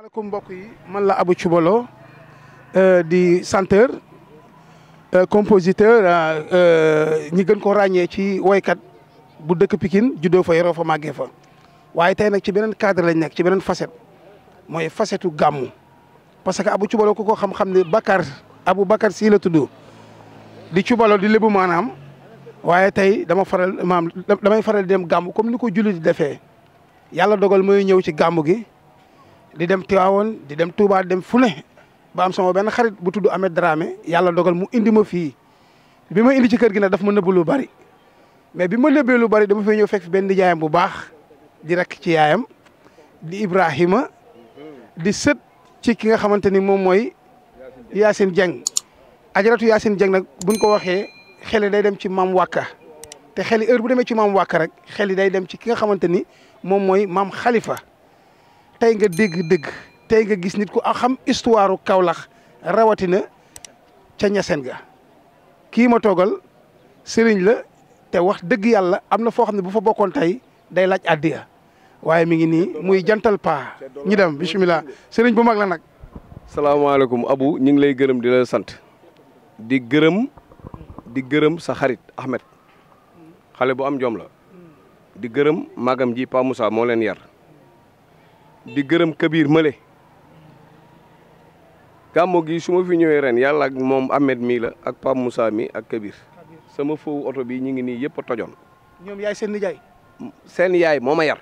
maaleykum mbokk yi man la Abou Thioubalo euh, di chanteur euh, compositeur euh, ñi gën ko ràññee ci woykat bu dëkk Pikine juddoo fa yoroo fa màggee fa waaye tey nag ci beneen cadre lañ nekk ci beneen facette mooy fasetu u parce que abu Thioubalo ku ko xam-xam ne Bakar abu Bakar sii la tudd di Thioubalo di lébu maanaam waaye tey dama faral maam damay faral dem gàmmu comme ni ko julli di defee yàlla dogal mooy ñëw ci gàmmu gi. di dem Tiwaawoon di dem Touba dem fu ne ba am sama benn xarit bu tudd Ameth daraame yàlla dogal mu indi ma fii bi ma indi ci kër gi nag daf ma nëbb lu bari mais bi ma nëbbee lu bari dama fay ñëw fekk benn nijaayam bu baax di rek ci yaayam di Ibrahima di sët ci ki nga xamante ni moom mooy Yacine Dieng ajaratu Yacine Dieng nag buñ ko waxee xeli day dem ci maam Wàkka te xeli heure bu demee ci maam Wàkka rek xeli day dem ci ki nga xamante ni moom mooy maam Khalifa tey nga dégg dëgg tey nga gis nit ku xam histoire kawlax rawatina ca ñasen ga kii ma toogal sëriñ la te wax dëgg yàlla am na foo xam ne bu fa bokkoon tey day laaj addiya waaye mi ngi nii muy jantal paa ñi dem bisimilah sëriñ bu mag la nag. salaamaaleykum Abu ñu ngi lay gërëm di la sant di gërëm di gërëm sa xarit Ahmed xale bu am jom la di gërëm magam ji Pa Moussa moo leen yar. di gërëm këbiir Mële gàmmo gi su ma fi ñëwee ren yàlla ak moom Ahmed mii la ak Pape musa mi ak Kabir sama foofu oto bi ñu ngi nii yëpp a tojoon. ñoom yaay seen nijaay. seen yaay moo ma yar.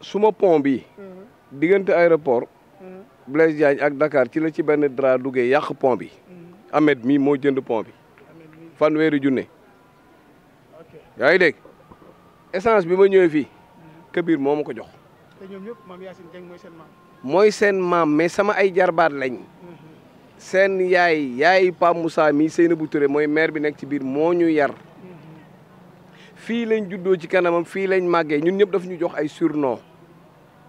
suma pont bi mhm. diggante aéroport mhm. Blaise Diagne ak Dakar ci la ci benn drap duggee bi mhm. Ahmed mii moo jënd pont bi fanweeri junne yaa ngi dégg essance bi ma ñëwee fii Kabir moo ma ko jox. te ñoom ñëpp maam mooy seen maam. mooy sama ay jarbaat lañ. Mm-hmm. seen yay yaay Pape Moussa mi seen Touré mooy maire bi nekk ci biir moo ñu yar. Mm-hmm. fii lañ juddoo ci kanamam fii lañ màggee ñun ñëpp daf ñu jox ay surno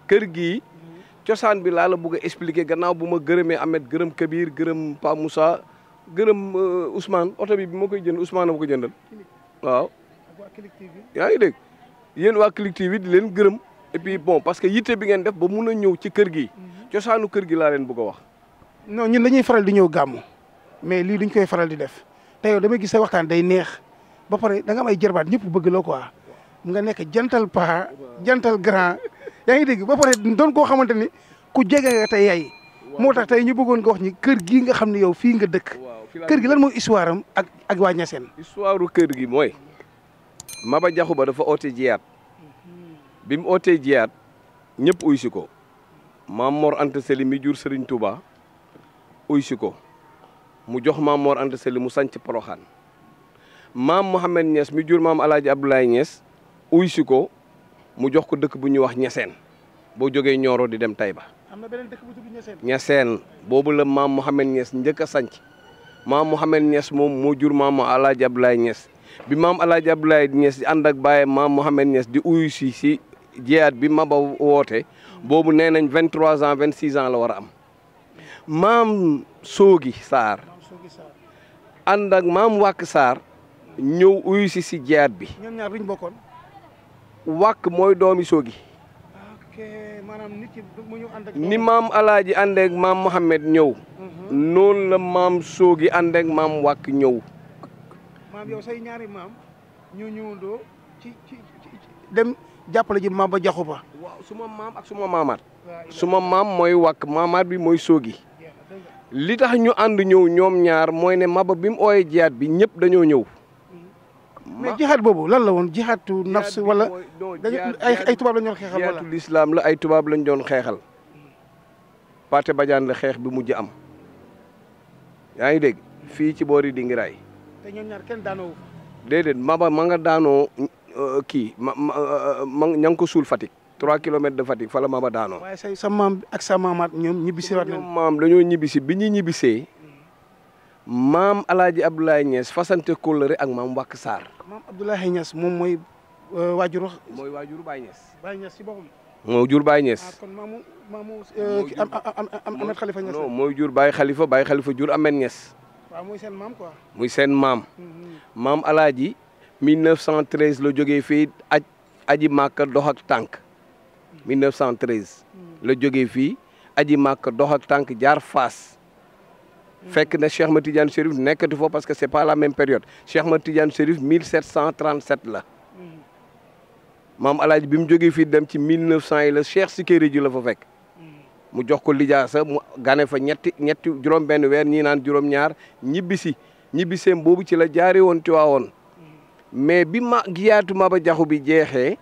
kër gi mm-hmm. cosaan bi laa la bëgg a gannaaw bu ma gërëmee amet gërëm Kabir gërëm Pape Moussa gërëm euh, usmaan oto bi bi ma koy jënd usmaan ma ko jëndal waaw. yaa ngi dégg. yéen waa Click TV di leen gërëm et bon parce que yitte bi ngeen def ba mun a ñëw ci kër gi mhm. cosaanu kër gi laa leen bëgg a wax. non ñun dañuy faral di ñëw gàmmu mais lii duñ koy faral di def te yow damay gis sa waxtaan day neex ba pare da may am ñëpp jërbaat ñëpp bëgg la quoi nga nekk jantal paa jantal grand yaa ngi dégg ba pare doon koo xamante ni ku jege nga tey yaay moo tax tey ñu bëggoon nga wax ñi kër gii nga xam ne yow fii nga dëkk kër gi lan mooy histoire ak ak waa kër gi mooy. Maba Jaxu Ba dafa oote jiyat bi mu ootee jiyaat ñëpp uy ko maam Mor Anta Sali mi jur Serigne Touba uy si ko mu jox maam Mor Anta Sali mu sanc Poroxaan maam Mohamed Niass mi jur maam Alaaji Abdoulaye Niass uy si ko mu jox ko dëkk bu ñuy wax Ñaseen boo jógee Ñooro di dem Tayba am na beneen dëkk bu tudd Ñaseen Ñaseen boobu la maam Mohamed Niass njëkk a sanc maam Mohamed Niass moom moo jur maam Alaaji Abdoulaye Niass bi maam El Hadj Abdoulaye Niass di ànd ak baayam maam Mohamed Niass di uyu si si jiyaat bi Maba woote boobu nee nañ vingt trois ans vingt la war am maam Soogi Sarr ànd maam Wàkk Sarr ñëw uyu si si bi. ñoom ñaar duñ mooy doomi Soogi. ni maam alaaji àndeek maam Mohamed ñëw. Mhm. noonu la maam Soogi àndeek maam Wàkk ñëw. maam yow say ñaari maam ñoo ñëwandoo dem jàppale ji Maba Ba. waaw suma maam ak suma maamaat. suma maam mooy wàkk maamaat bi mooy soogi. li tax ñu ànd ñëw ñoom ñaar mooy ne Maba bi mu ooyee jihaat bi ñëpp dañoo ñëw. Hmm. mais jihaat boobu lan la woon jihaatu nafs wala. ay ay tubaab lañ doon xeexal la ay tubaab lañ doon xeexal. Hmm. Paate Badiane xeex bi mujj am. yaa ngi dégg fii ci boori Dingiraay te ñoom ñaar kenn daanoo déedéet maba ma nga daanoo euh, kii ma ma euh, ña ngi ko suul Fatick. 3 kilomètres de Fatick fa la maba daanoo. waaye say sa maam ak sa maamaat ñoom ñibbisiwaat nañu. maam dañoo ñibbisi bi ñuy ñibbisee maam El Hadj Abdoulaye ak maam Wàkk Sarr. maam Abdoulaye Niass moom mooy euh, waajur wax. mooy waajur Baye Niass. Baye Niass jur Baye Niass. Ah, kon maamu maamu. am am am mooy jur Baye Khalifa Baye xalifa jur Ahmed waaw muy seen maam quoi. muy seen maam. Mm-hmm. maam Alaaji la jógee fii aj aji màkk dox ak tànk. 1913. Mm-hmm. Mm-hmm. la jógee fii aji màkk dox ak tànk jaar Faas. fekk na Cheikh Ahmed Tidiane Chérif nekkati foofu parce que c' est pas la même période Cheikh Ahmed Tidiane Chérif 1737 la. maam Alaaji bi mu jógee fii dem ci 1900 yi la Cheikh Sikeri ji la fa fekk. mu jox ko lijaasa mu gane fa ñetti ñetti juróom benn weer ñii naan juróom ñaar ñibbisi ñibbiseem boobu ci la jaari woon Tiwaawoon mais bi ma giyaatu Maba Jaxu bi jeexee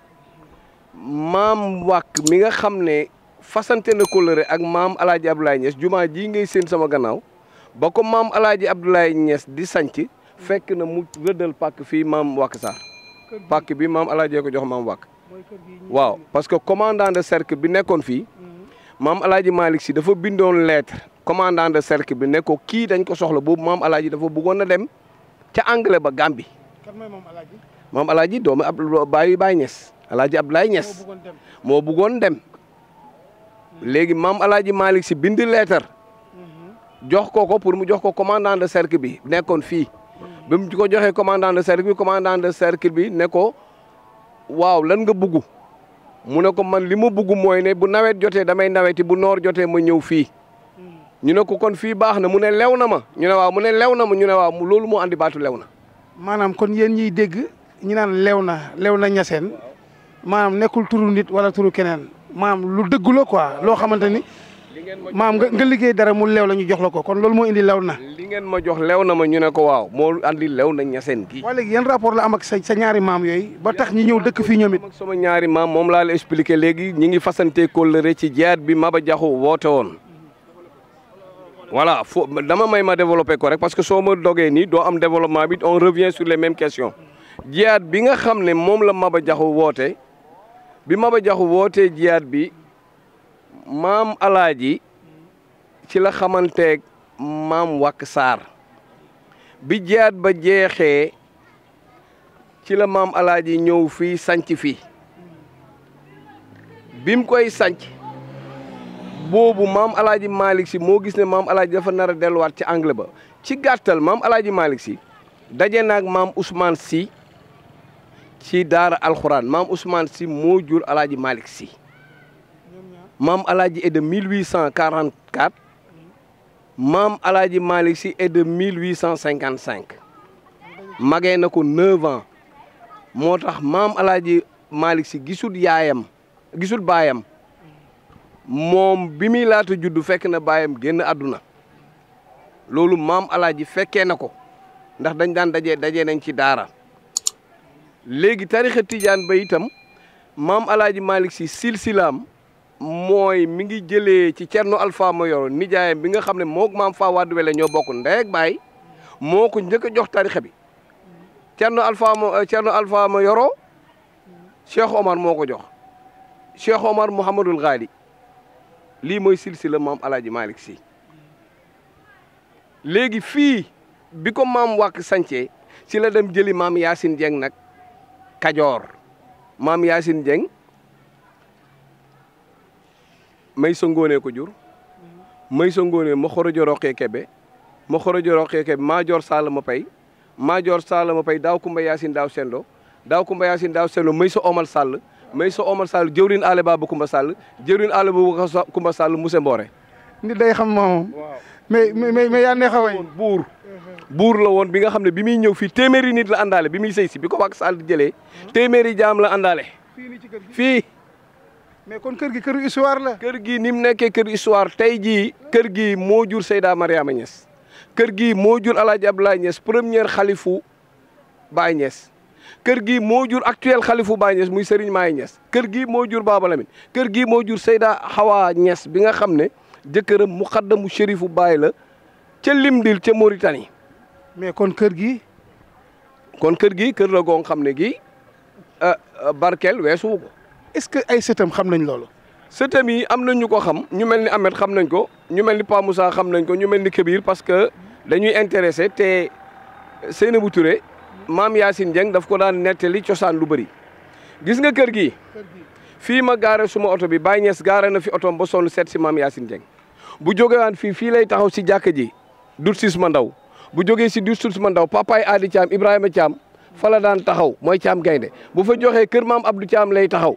maam wak mi nga xam ne fasante na kóllëre ak maam alaaji Abdoulaye Niass jumaa jii ngay seen sama gannaaw ba maam alaaji Abdoulaye Niass di sanc fekk na mu rëddal pàkk fii maam wak sax pàkk bi maam alaajee ko jox maam wak waaw parce que commandant de bi nekkoon fii maam alaaji Malick si dafa bindoon lettre commandant de cercle bi ne ko kii dañ ko soxla boobu maam alaaji dafa bëggoon a dem ca anglais ba Gambie. kan mooy maam alaaji. maam alaaji doomu ab bàyyi Baye Niass alaaji Abdoulaye Niass moo bëggoon dem léegi maam alaaji Malick si bind leetar jox ko ko pour mu jox ko commandant de cercle bi nekkoon fii. bi mu ko joxee commandant de cercle bi commandant de cercle bi ne ko waaw lan nga bëgg. mu ne ko man li ma bugg mooy ne bu nawet jotee damay naweti bu noor jotee ma ñëw fii hmm. ñu ne ko kon fii baax na mu ne lew na ma ñu ne waaw mu ne lew na ma ñu ne waaw loolu moo andi baatu lew na. maanaam kon yéen ñii dégg ñu naan lew na lew na ñaseen maanaam nekkul turu nit wala turu keneen maanaam lu dëgg la quoi loo xamante ni. maam nga nga liggéey dara mu lew la ñu la ko kon loolu moo indi lew na. li ngeen ma jox lew na ma ñu ne ko waaw moo andi lew na ñaseen gi. waaye léegi yan rapport la am ak sa sa maam yooyu ba tax ñi ñëw dëkk fii ñoom it. sama ñaari maam moom laa la expliqué léegi ñi ngi fasante kóllëre ci jiyaat bi Maba Jaxu woote woon. voilà fo dama may ma développé ko rek parce que soo ma dogee doo am développement bi on revient sur les mêmes questions jiyaat bi nga xam ne moom la Maba Jaxu woote bi wootee maam alaaji ci la xamanteeg maam wàkk saar bi jaat ba jeexee ci la maam alaaji ñëw fii sanc fi bim koy sanc boobu maam alaaji Malick si moo gis ne maam alaaji dafa nar delluwaat ci anglais ba ci gàttal maam alaaji Malick si daje naag maam Ousmane si ci daara alxuraan maam Ousmane si moo jur alaaji Malick si maam Alaaji est de 1844 maam Alaaji Malick Sy est de 1855 magee na ko 9 ans moo tax maam Alaaji Malick si gisul yaayam gisul baayam moom bi muy laata juddu fekk na baayam génn àdduna loolu maam ji fekkee na ko ndax dañ daan daje daje nañ ci daara léegi tarixa tijaan ba itam maam Alaaji Malick Sy silsilaam mooy mi ngi jële ci Thierno Alpha Mayoro nijaayam bi nga xam ne moo maam Fa Wade Wele ñoo bokk ndey ak moo ko njëkk jox tarixa bi Thierno Alpha euh, Thierno Alpha Mayoro Omar moo ko jox Cheikh Omar Mouhamadul Ghali lii mooy silsila maam El Hadj Malick léegi fii bi ko maam wàkk sancee ci la dem jëli maam Yacine Dieng nag Kajoor maam yaa Dieng. may sa ngóonee ko may sa ngóonee ma xorojo roqee kebe ma xorojo roqee kebe ma pay maa jor ma pay daaw kumba yaasin daaw sendo daaw kumba yaasin daaw sendo may sa omal sàll may sa omal sàll jëwrin aale ba bu kumba sàll jëwrin aale ba bu kumba sàll muse mboore nit day xam moom mais mais mais yaa neex a buur uh-huh. buur la woon bi nga xam ne bi muy ñëw fii téeméeri nit la àndaale bi muy sëy si bi ko wax sàll jëlee uh-huh. téeméeri jaam la àndaale fii mais kon kër gi kër histoire la. kër gi ni mu nekkee kër histoire tey jii kër gi moo jur Seyda Mariama Niass kër gi moo jur El Hadj Abdoulaye Niass première xalifu Baye kër gi moo jur actuel xalifu Baye Niass muy Serigne Maye Niass kër gi moo jur Baba Lamine kër gi moo jur Seyda Hawa ñees bi nga xam ne jëkkëram muqaddamu shérifu Baye la ca Limdil ca Mauritanie. mais kon kër gi. kon kër gi kër la goo xam ne gi euh, euh, barkeel weesuwu ko. est-ce que ay sëtam xam nañ loolu. sëtam yi am nañ ñu xam ñu mel ni Ahmed xam nañ ko ñu mel ni Pa Moussa xam nañ ko ñu mel ni Kabir parce que dañuy intéressé te Seynabou Touré maam Yacine Dieng daf ko daan li cosaan lu bëri. gis nga kër gi fii ma gaare suma oto bi Baye Niass gaare na fi oto ba sonn seet si maam Yacine Dieng bu jógewaan fii fii lay taxaw si jàkka ji dut sis ma ndaw bu jógee si dut sis ma ndaw papaay Adi Thiam Ibrahima Thiam fa la daan taxaw mooy Thiam gaynde bu fa joxee kër maam Abdou Thiam lay taxaw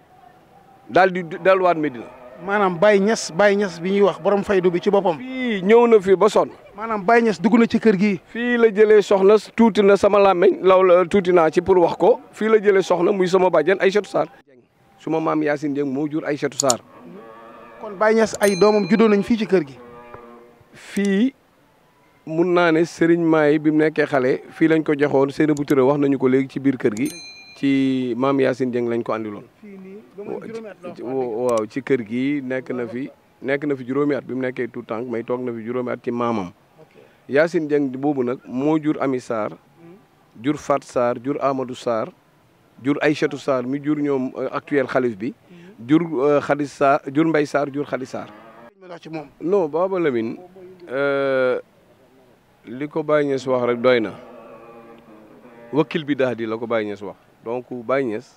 daal di delluwaat Medina. maanaam bay Niass Baye Niass bi ñuy wax borom faydu bi ci boppam. fii ñëw na fii ba sonn. maanaam Baye dugg na ci kër gi. fii la jëlee soxna tuuti na sama làmmeñ law la tuuti naa ci pour wax ko fii la jëlee soxna muy sama bàjjen Aïssatou Sarr. suma maam Yacine Dieng moo jur Aïssatou Sarr. kon Baye Niass ay doomam juddoo nañ fii ci kër gi. fii mun naa ne Serigne Maye bi mu nekkee xale fii lañ ko jexoon Seydou bu Touré wax nañu ko léegi ci biir kër gi. ci maam Yacine Dieng lañ ko andiloon waaw ci kër gi nekk na fi nekk na fi juróomi at bi mu nekkee tout temps may toog na fi juróomi at ci maamam Yacine Dieng boobu nag moo jur Ami Sarr hmm. jur Fat Sarr jur Amadou Sarr jur Aïchatou Sarr mi jur ñoom euh, actuel xalif bi hmm. jur Xadi euh, Sarr jur Mbay saar jur Xadi Sarr non euh, li ko Baye Niass wax rek doy na wakil bi daal di la ko Baye Niass wax donc Baye Niass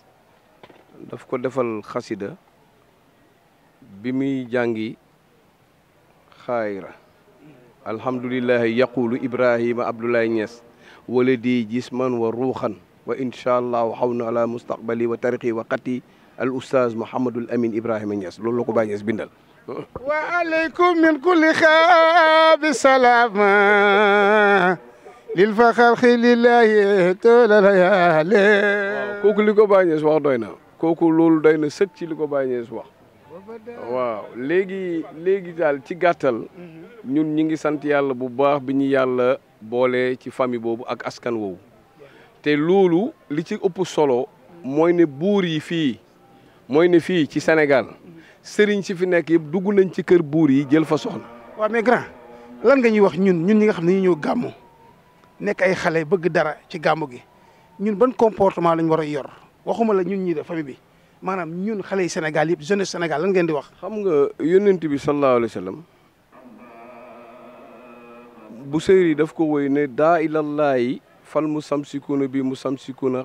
daf ko defal xasida bi muy jàngi xaayira alhamdulilahi yaqulu ibrahima abdoulaye Niass waladi jisman wa ruuxan wa incha allah xaw na ala mustaqbali wa tariqi wa qati al oustaz mouhamadul amin ibrahima Niass loolu la bindal lil fa xalqi lillahi toola layaale kooku li wax doy na kooku loolu doy na sët ci li ko Baye Niass wax waaw léegi léegi daal ci gàttal ñun ñi ngi sant yàlla bu baax bi ñu yàlla boole ci famille boobu ak askan woowu te loolu li ci ëpp solo mooy ne buur yi fii mooy ne fii ci senegal sëriñ si fi nekk yëpp dugg nañ ci kër buur yi jël fa soxna waaw mais lan nga ñuy wax ñun ñun ñi nga xam ne ñu ñëw nekk ay xale bëgg dara ci gàmmu gi ñun ban comportement lañu war a yor waxuma la ñun ñi de famille bi maanaam ñun xale yi Sénégal yëpp jeunesse Sénégal lan ngeen di wax. xam nga yonent bi sallallahu alayhi wa sallam bu seyri daf ko woy ne daa ilallaahi fal mu samsikuuna bi mu samsikuuna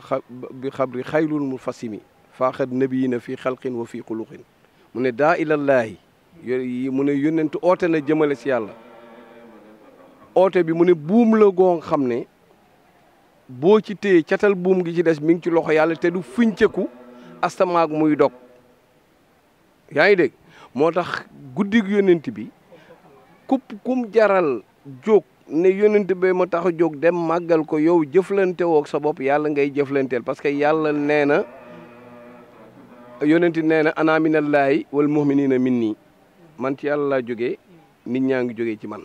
bi xabri xaylul mu fasimi faaxat nabiyina fi xalqin wa fi xuluqin mu ne daa ilallaahi yi mu ne yonent oote na jëmale si yàlla. oote bi mu ne buum la goo xam ne boo ci téye catal buum gi ci des mi ngi ci loxo yàlla te du fiñceeku astamaag muy dog yaa ngi dégg moo tax guddig yonent bi kupp kum jaral jóg ne yonent ba ma tax a jóg dem màggal ko yow jëflante woog sa bopp yàlla ngay jëflanteel parce que yàlla nee na yonent nee na ana minallaahi wal muminina min nii man ci yàlla laa jógee nit ñaa ngi jóge ci man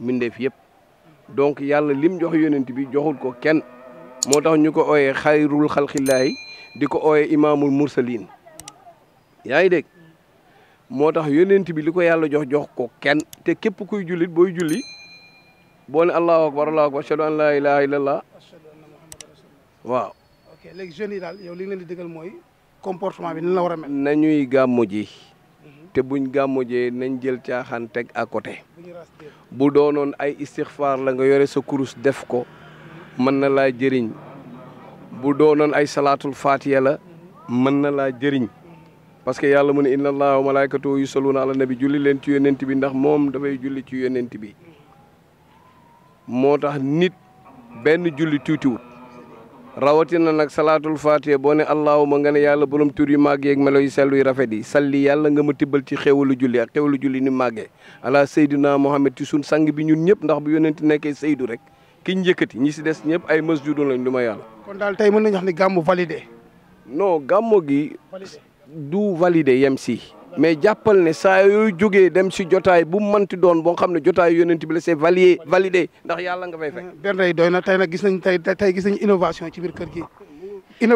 mbindeef yëpp donc yàlla lim jox yonent bi joxul ko kenn moo tax ñu ko ooyee xayrul xalqillaahi di ko ooyee imaamul mursaliin yaa ngi dégg moo tax yonent bi li ko yàlla jox jox ko kenn te képp kuy jullit booy julli boo ne allahu akbar allahu akbar ashhadu an laa ilaaha illallah waaw. ok léegi jeunes yi daal yow li nga leen di dëggal mooy comportement bi nan la war a mel. nañuy gàmmu ji. te buñ gàmmujee nañ jël caaxaan teg à côté bu doonoon ay istixfaar la nga yore sa kurus def ko mën na laa jëriñ bu doonoon ay salaatul faatiya la mën na laa jëriñ parce que yàlla mu ne inna allaha wa malaikatahu yusalluna ala nabi julli leen ci yonent bi ndax moom dafay julli ci yonent bi moo tax nit benn julli tuutiwut rawatina nag salaatul faatiha boo ne allahuma nga ne yàlla borom tur yi màgg yeeg melo yu sell yu rafet yi salli yàlla nga ma tibbal ci xéewalu julli ak xéewalu julli ni màggee ala saydina Muhammad ci sun sang bi ñun ñëpp ndax bu yonent nekkee saydu rek ki ñu yëkkati ñi si des ñëpp ay masjudu lañ du ma yàlla. kon daal tey mën na wax ni gàmmu validé. non gàmmu gi. du validé yem si. mais jàppal ne saa yooyu jógee dem si jotaay bu mu mënti doon boo xam ne jotaay yonent bi se c'est validé validé ndax yàlla nga fay fekk. benn yi doy na tey nag gis nañ tey tey gis nañ innovation ci biir kër gi.